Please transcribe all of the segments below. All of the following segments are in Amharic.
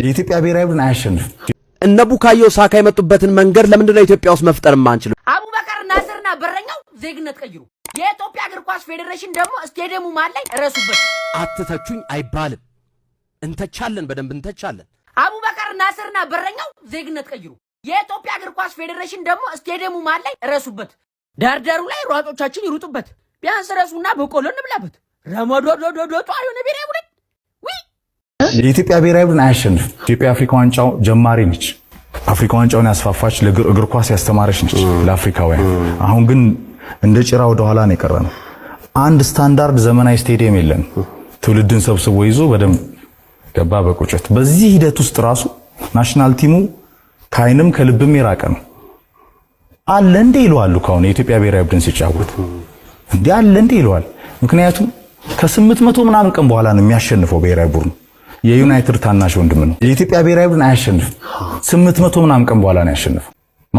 የኢትዮጵያ ብሔራዊ ቡድን አያሸንፍም። እነ ቡካዮ ሳካ የመጡበትን መንገድ ለምንድን ነው ኢትዮጵያ ውስጥ መፍጠር የማንችለው? አቡበከር ናስርና በረኛው ዜግነት ቀይሩ። የኢትዮጵያ እግር ኳስ ፌዴሬሽን ደግሞ ስቴዲየሙ ማን ላይ እረሱበት። አትተቹኝ አይባልም። እንተቻለን፣ በደንብ እንተቻለን። አቡበከር ናስርና በረኛው ዜግነት ቀይሩ። የኢትዮጵያ እግር ኳስ ፌዴሬሽን ደግሞ ስቴዲየሙ ማን ላይ እረሱበት። ዳርዳሩ ላይ ሯጮቻችን ይሩጡበት። ቢያንስ ረሱና በቆሎ እንብላበት። ረመዶዶዶዶ የሆነ ብሔራዊ ቡድን የኢትዮጵያ ብሔራዊ ቡድን አያሸንፍም ኢትዮጵያ አፍሪካ ዋንጫው ጀማሪ ነች። አፍሪካ ዋንጫውን ያስፋፋች እግር ኳስ ያስተማረች ነች ለአፍሪካውያን። አሁን ግን እንደ ጭራ ወደ ኋላ ነው የቀረ ነው። አንድ ስታንዳርድ ዘመናዊ ስቴዲየም የለም። ትውልድን ሰብስቦ ይዞ በደንብ ገባ በቁጭት በዚህ ሂደት ውስጥ ራሱ ናሽናል ቲሙ ከአይንም ከልብም የራቀ ነው አለ እንዴ ይለዋሉ። ከአሁን የኢትዮጵያ ብሔራዊ ቡድን ሲጫወት እንዴ አለ እንዴ ይለዋል። ምክንያቱም ከስምንት መቶ ምናምን ቀን በኋላ ነው የሚያሸንፈው ብሔራዊ ቡድን የዩናይትድ ታናሽ ወንድም ነው። የኢትዮጵያ ብሔራዊ ቡድን አያሸንፍም። ስምንት መቶ ምናምን ቀን በኋላ ነው ያሸንፍ።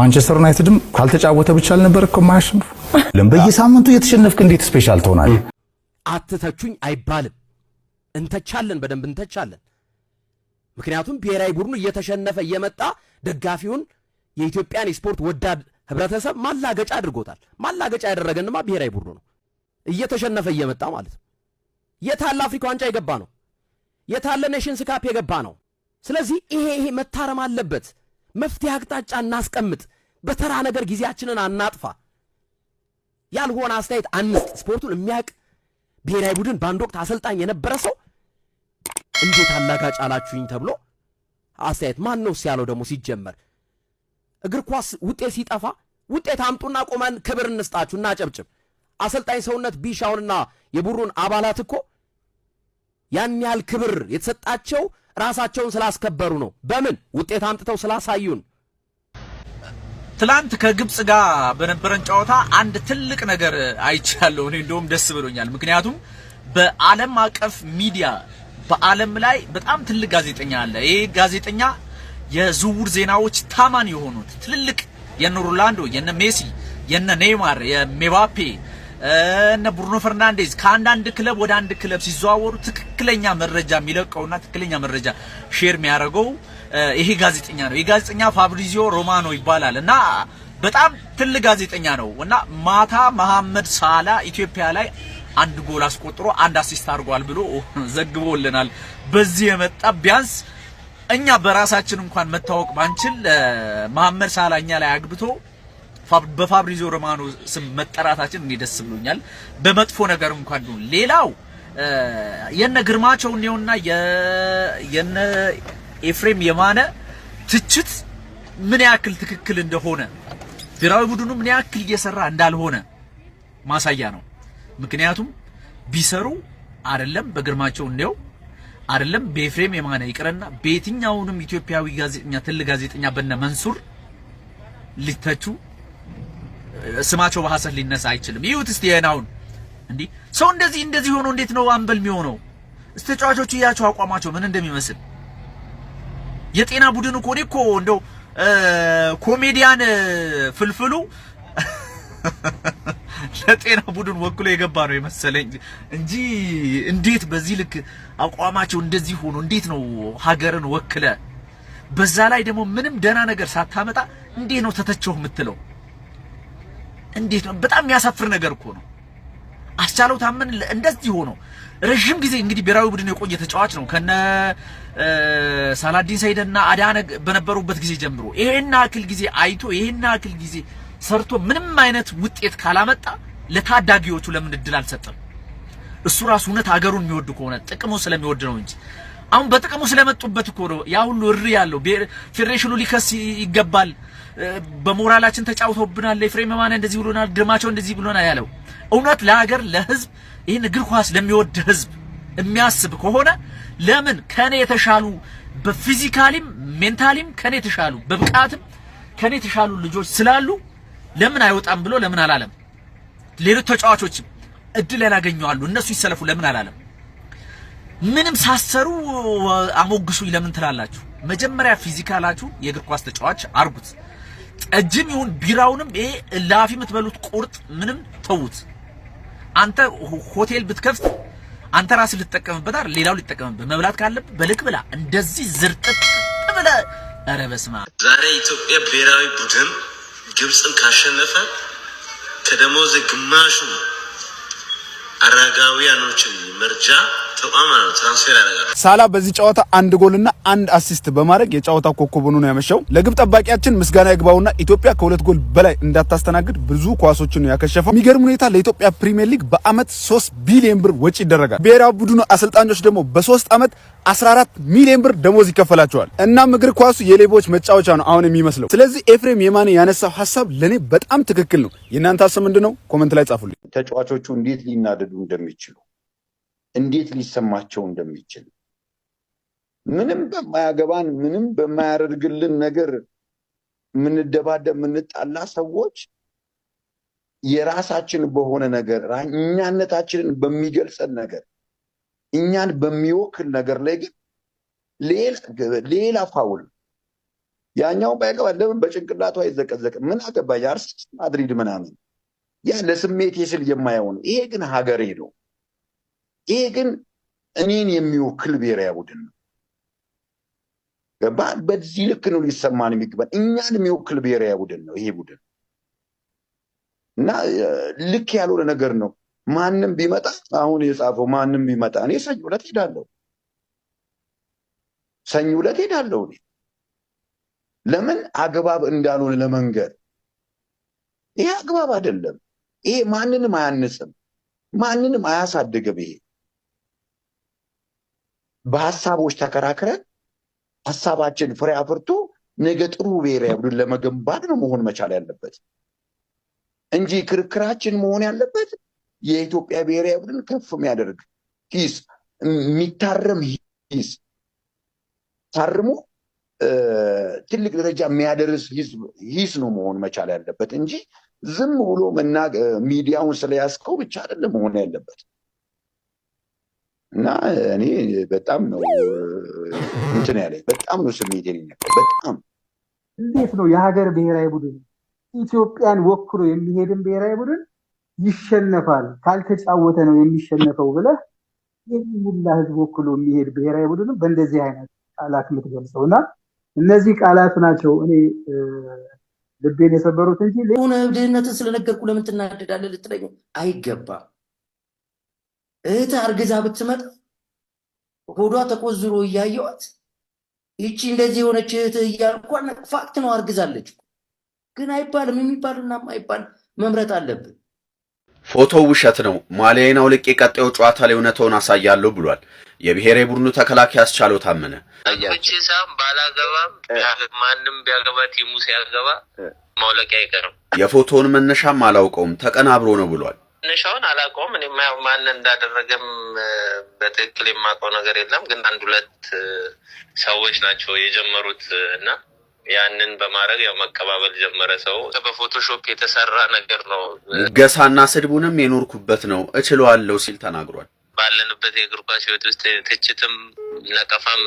ማንቸስተር ዩናይትድም ካልተጫወተ ብቻ አልነበር እኮ የማያሸንፍ። በየሳምንቱ የተሸነፍክ እንዴት ስፔሻል ትሆናለህ? አትተቹኝ አይባልም። እንተቻለን፣ በደንብ እንተቻለን። ምክንያቱም ብሔራዊ ቡድኑ እየተሸነፈ እየመጣ ደጋፊውን የኢትዮጵያን የስፖርት ወዳድ ህብረተሰብ ማላገጫ አድርጎታል። ማላገጫ ያደረገንማ ብሔራዊ ቡድኑ ነው፣ እየተሸነፈ እየመጣ ማለት ነው። የታለ አፍሪካ ዋንጫ የገባ ነው የታለ ኔሽንስ ካፕ የገባ ነው። ስለዚህ ይሄ ይሄ መታረም አለበት። መፍትሄ አቅጣጫ እናስቀምጥ። በተራ ነገር ጊዜያችንን አናጥፋ። ያልሆነ አስተያየት አንስጥ። ስፖርቱን የሚያውቅ ብሔራዊ ቡድን በአንድ ወቅት አሰልጣኝ የነበረ ሰው እንዴት አላጋጭ አላችሁኝ ተብሎ አስተያየት ማን ነው ሲያለው ደግሞ ሲጀመር እግር ኳስ ውጤት ሲጠፋ ውጤት አምጡና ቆመን ክብር እንስጣችሁ፣ እናጨብጭብ። አሰልጣኝ ሰውነት ቢሻውንና የቡሩን አባላት እኮ ያን ያህል ክብር የተሰጣቸው ራሳቸውን ስላስከበሩ ነው። በምን ውጤት አምጥተው ስላሳዩን። ትላንት ከግብፅ ጋር በነበረን ጨዋታ አንድ ትልቅ ነገር አይቻለሁ። እኔ እንደውም ደስ ብሎኛል። ምክንያቱም በዓለም አቀፍ ሚዲያ በዓለም ላይ በጣም ትልቅ ጋዜጠኛ አለ። ይሄ ጋዜጠኛ የዝውውር ዜናዎች ታማኝ የሆኑት ትልልቅ የነ ሮናልዶ፣ የነ ሜሲ፣ የነ ኔይማር፣ የሜባፔ እነ ብሩኖ ፈርናንዴዝ ከአንዳንድ ክለብ ወደ አንድ ክለብ ሲዘዋወሩ ትክክለኛ መረጃ የሚለቀውና ትክክለኛ መረጃ ሼር የሚያደርገው ይሄ ጋዜጠኛ ነው። ይሄ ጋዜጠኛ ፋብሪዚዮ ሮማኖ ይባላል እና በጣም ትልቅ ጋዜጠኛ ነው እና ማታ መሐመድ ሳላ ኢትዮጵያ ላይ አንድ ጎል አስቆጥሮ አንድ አሲስት አድርጓል ብሎ ዘግቦልናል። በዚህ የመጣ ቢያንስ እኛ በራሳችን እንኳን መታወቅ ባንችል መሐመድ ሳላ እኛ ላይ አግብቶ በፋብሪዞ ሮማኖ ስም መጠራታችን እኔ ደስ ብሎኛል። በመጥፎ ነገር እንኳን ቢሆን ሌላው የነ ግርማቸው እኔውና የነ ኤፍሬም የማነ ትችት ምን ያክል ትክክል እንደሆነ ብሔራዊ ቡድኑ ምን ያክል እየሰራ እንዳልሆነ ማሳያ ነው። ምክንያቱም ቢሰሩ አይደለም በግርማቸው እንደው አይደለም በኤፍሬም የማነ ይቅርና በየትኛውንም ኢትዮጵያዊ ጋዜጠኛ ትል ጋዜጠኛ በነ መንሱር ሊተቹ ስማቸው በሐሰት ሊነሳ አይችልም። ይሁት እስቲ የናውን እንዲህ ሰው እንደዚህ እንደዚህ ሆኖ እንዴት ነው አምበል የሚሆነው? እስቲ ተጫዋቾቹ እያቸው አቋማቸው ምን እንደሚመስል የጤና ቡድን እኮ እኔ እኮ እንደው ኮሜዲያን ፍልፍሉ ለጤና ቡድን ወክሎ የገባ ነው የመሰለኝ እንጂ እንዴት በዚህ ልክ አቋማቸው እንደዚህ ሆኖ እንዴት ነው ሀገርን ወክለ በዛ ላይ ደግሞ ምንም ደህና ነገር ሳታመጣ እንዴት ነው ተተቸው የምትለው? እንዴት ነው? በጣም የሚያሳፍር ነገር እኮ ነው። አስቻለው ታመን እንደዚህ ሆኖ ረዥም ጊዜ እንግዲህ ብሔራዊ ቡድን የቆየ ተጫዋች ነው ከነ ሳላዲን ሰይድና አዳነ በነበሩበት ጊዜ ጀምሮ ይሄን አክል ጊዜ አይቶ ይሄን አክል ጊዜ ሰርቶ ምንም አይነት ውጤት ካላመጣ ለታዳጊዎቹ ለምን እድል አልሰጠም? እሱ ራሱ እውነት ሀገሩን የሚወድ ከሆነ ጥቅሙ ስለሚወድ ነው እንጂ አሁን በጥቅሙ ስለመጡበት እኮ ነው ያ ሁሉ እሪ ያለው። ፌዴሬሽኑ ሊከስ ይገባል። በሞራላችን ተጫውቶብናል፣ ኤፍሬም ማነ እንደዚህ ብሎናል፣ ድማቸው እንደዚህ ብሎናል ያለው እውነት ለሀገር ለህዝብ፣ ይህን እግር ኳስ ለሚወድ ህዝብ የሚያስብ ከሆነ ለምን ከኔ የተሻሉ በፊዚካሊም ሜንታሊም ከኔ የተሻሉ በብቃትም ከኔ የተሻሉ ልጆች ስላሉ ለምን አይወጣም ብሎ ለምን አላለም? ሌሎች ተጫዋቾችም እድል ያላገኘዋሉ እነሱ ይሰለፉ ለምን አላለም? ምንም ሳሰሩ አሞግሱኝ ለምን ትላላችሁ? መጀመሪያ ፊዚካላችሁ የእግር ኳስ ተጫዋች አርጉት። ጠጅም ይሁን ቢራውንም ይሄ ላፊ የምትበሉት ቁርጥ ምንም ተዉት። አንተ ሆቴል ብትከፍት አንተ ራስህ ልትጠቀምበት አይደል? ሌላው ሊጠቀምበት። መብላት ካለብህ በልክ ብላ። እንደዚህ ዝርጥጥ ብለህ ኧረ በስመ አብ። ዛሬ ኢትዮጵያ ብሔራዊ ቡድን ግብፅን ካሸነፈ ከደሞዝ ግማሹ አረጋውያኖችን መርጃ ሳላ በዚህ ጨዋታ አንድ ጎልና አንድ አሲስት በማድረግ የጨዋታ ኮከብ ሆኖ ነው ያመሻው። ለግብ ጠባቂያችን ምስጋና ይግባውና ኢትዮጵያ ከሁለት ጎል በላይ እንዳታስተናግድ ብዙ ኳሶችን ነው ያከሸፈው። የሚገርም ሁኔታ ለኢትዮጵያ ፕሪሚየር ሊግ በአመት 3 ቢሊዮን ብር ወጪ ይደረጋል። ብሔራዊ ቡድኑ አሰልጣኞች ደግሞ በሶስት አመት 14 ሚሊዮን ብር ደሞዝ ይከፈላቸዋል። እናም እግር ኳሱ የሌቦች መጫወቻ ነው አሁን የሚመስለው። ስለዚህ ኤፍሬም የማኔ ያነሳው ሀሳብ ለእኔ በጣም ትክክል ነው። የእናንተ ሀሳብ ምንድን ነው? ኮመንት ላይ ጻፉልኝ። ተጫዋቾቹ እንዴት ሊናደዱ እንደሚችሉ እንዴት ሊሰማቸው እንደሚችል ምንም በማያገባን ምንም በማያደርግልን ነገር የምንደባደብ የምንጣላ ሰዎች የራሳችን በሆነ ነገር እኛነታችንን በሚገልጸን ነገር እኛን በሚወክል ነገር ላይ ግን ሌላ ፋውል ያኛው ባይገባ ለምን በጭንቅላቱ አይዘቀዘቅ ምን አገባ አርስ ማድሪድ ምናምን ያ ለስሜቴ ስል የማየው ነው። ይሄ ግን ሀገሬ ነው። ይሄ ግን እኔን የሚወክል ብሔራዊ ቡድን ነው። ገባ? በዚህ ልክ ነው ሊሰማን የሚገባል። እኛን የሚወክል ብሔራዊ ቡድን ነው ይሄ ቡድን እና ልክ ያልሆነ ነገር ነው። ማንም ቢመጣ አሁን የጻፈው ማንም ቢመጣ እኔ ሰኝ ሁለት ሄዳለሁ፣ ሰኝ ሁለት ሄዳለሁ። እኔ ለምን አግባብ እንዳልሆነ ለመንገር ይሄ አግባብ አይደለም። ይሄ ማንንም አያንጽም፣ ማንንም አያሳድግም። ይሄ በሀሳቦች ተከራክረን ሀሳባችን ፍሬ አፍርቶ ነገ ጥሩ ብሔራዊ ቡድን ለመገንባት ነው መሆን መቻል ያለበት እንጂ ክርክራችን መሆን ያለበት የኢትዮጵያ ብሔራዊ ቡድን ከፍ የሚያደርግ ሂስ የሚታረም ሂስ ታርሞ ትልቅ ደረጃ የሚያደርስ ሂስ ነው መሆን መቻል ያለበት እንጂ ዝም ብሎ ሚዲያውን ስለያዝከው ብቻ አይደለም መሆን ያለበት። እና እኔ በጣም ነው እንትን ያለኝ፣ በጣም ነው ስሜት የሚነቀ በጣም እንዴት ነው የሀገር ብሔራዊ ቡድን ኢትዮጵያን ወክሎ የሚሄድን ብሔራዊ ቡድን ይሸነፋል ካልተጫወተ ነው የሚሸነፈው ብለህ የሚሙላ ህዝብ ወክሎ የሚሄድ ብሔራዊ ቡድን በእንደዚህ አይነት ቃላት የምትገልጸው እና እነዚህ ቃላት ናቸው እኔ ልቤን የሰበሩት እንጂ ሆነ ድህነትን ስለነገርኩ ለምን ትናደዳለህ ልትለኝ አይገባም። እህት አርግዛ ብትመጣ ሆዷ ተቆዝሮ እያየዋት ይቺ እንደዚህ የሆነች እህት እያልኳ ፋክት ነው፣ አርግዛለች። ግን አይባልም። የሚባልና ማይባል መምረጥ አለብን። ፎቶው ውሸት ነው፣ ማሊያዬን አውልቄ ቀጣዩ ጨዋታ ላይ እውነታውን አሳያለሁ ብሏል የብሔራዊ ቡድኑ ተከላካይ አስቻለው ታመነ። ሳም ባላገባም ማንም ቢያገባ ቲሙ ሲያገባ ማውለቂያ አይቀርም። የፎቶውን መነሻም አላውቀውም ተቀናብሮ ነው ብሏል። መነሻውን አላውቀውም። እኔ ማን እንዳደረገም በትክክል የማውቀው ነገር የለም። ግን አንድ ሁለት ሰዎች ናቸው የጀመሩት እና ያንን በማድረግ ያው መቀባበል ጀመረ ሰው። በፎቶሾፕ የተሰራ ነገር ነው። ሙገሳና ስድቡንም የኖርኩበት ነው እችለዋለሁ ሲል ተናግሯል። ባለንበት የእግር ኳስ ህይወት ውስጥ ትችትም ነቀፋም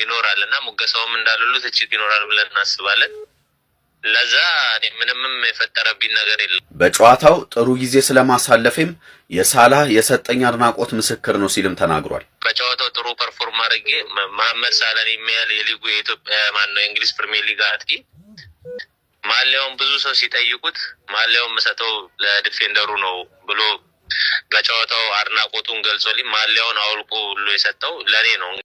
ይኖራል እና ሙገሳውም እንዳልሉ ትችት ይኖራል ብለን እናስባለን። ለዛ ምንምም የፈጠረብኝ ነገር የለም። በጨዋታው ጥሩ ጊዜ ስለማሳለፌም የሳላህ የሰጠኝ አድናቆት ምስክር ነው ሲልም ተናግሯል። በጨዋታው ጥሩ ፐርፎርም አድርጌ መሐመድ ሳላን የሚያል የሊጉ የኢትዮጵያ ማነው የእንግሊዝ ፕሪሚየር ሊግ አጥቂ ማሊያውን ብዙ ሰው ሲጠይቁት ማሊያውን ምሰጠው ለዲፌንደሩ ነው ብሎ በጨዋታው አድናቆቱን ገልጾልኝ ማሊያውን አውልቆ ሁሉ የሰጠው ለእኔ ነው።